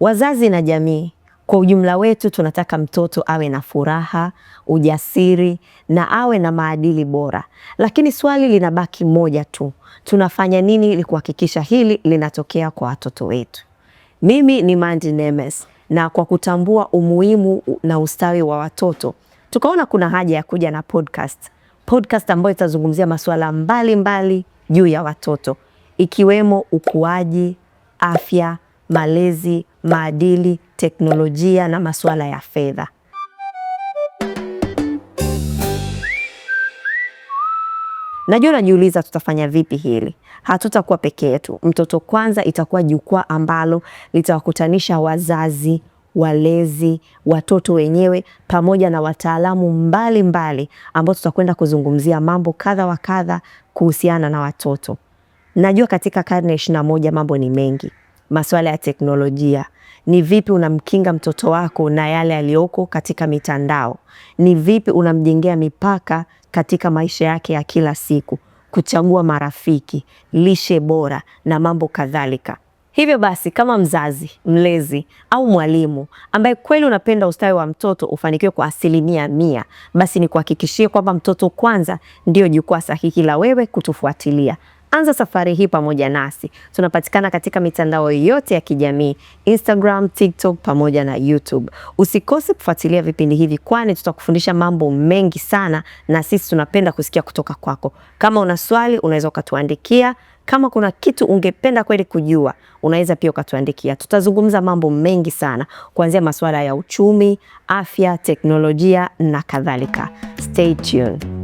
Wazazi na jamii kwa ujumla wetu tunataka mtoto awe na furaha, ujasiri na awe na maadili bora, lakini swali linabaki moja tu, tunafanya nini ili kuhakikisha hili linatokea kwa watoto wetu? Mimi ni Mandy Nemes, na kwa kutambua umuhimu na ustawi wa watoto tukaona kuna haja ya kuja na podcast, podcast ambayo itazungumzia masuala mbalimbali juu ya watoto ikiwemo ukuaji, afya malezi, maadili, teknolojia na masuala ya fedha. Najua najiuliza tutafanya vipi hili. Hatutakuwa peke yetu. Mtoto Kwanza itakuwa jukwaa ambalo litawakutanisha wazazi, walezi, watoto wenyewe pamoja na wataalamu mbalimbali ambao tutakwenda kuzungumzia mambo kadha wa kadha kuhusiana na watoto. Najua katika karne ya ishirini na moja mambo ni mengi masuala ya teknolojia ni vipi unamkinga mtoto wako na yale yaliyoko katika mitandao? Ni vipi unamjengea mipaka katika maisha yake ya kila siku, kuchagua marafiki, lishe bora na mambo kadhalika. Hivyo basi, kama mzazi, mlezi au mwalimu ambaye kweli unapenda ustawi wa mtoto ufanikiwe kwa asilimia mia, basi ni kuhakikishie kwamba mtoto kwanza ndiyo jukwaa sahihi la wewe kutufuatilia. Anza safari hii pamoja nasi. Tunapatikana katika mitandao yote ya kijamii Instagram, TikTok pamoja na YouTube. Usikose kufuatilia vipindi hivi, kwani tutakufundisha mambo mengi sana, na sisi tunapenda kusikia kutoka kwako. Kama una swali, unaweza ukatuandikia. Kama kuna kitu ungependa kweli kujua, unaweza pia ukatuandikia. Tutazungumza mambo mengi sana, kuanzia masuala ya uchumi, afya, teknolojia na kadhalika. Stay tuned.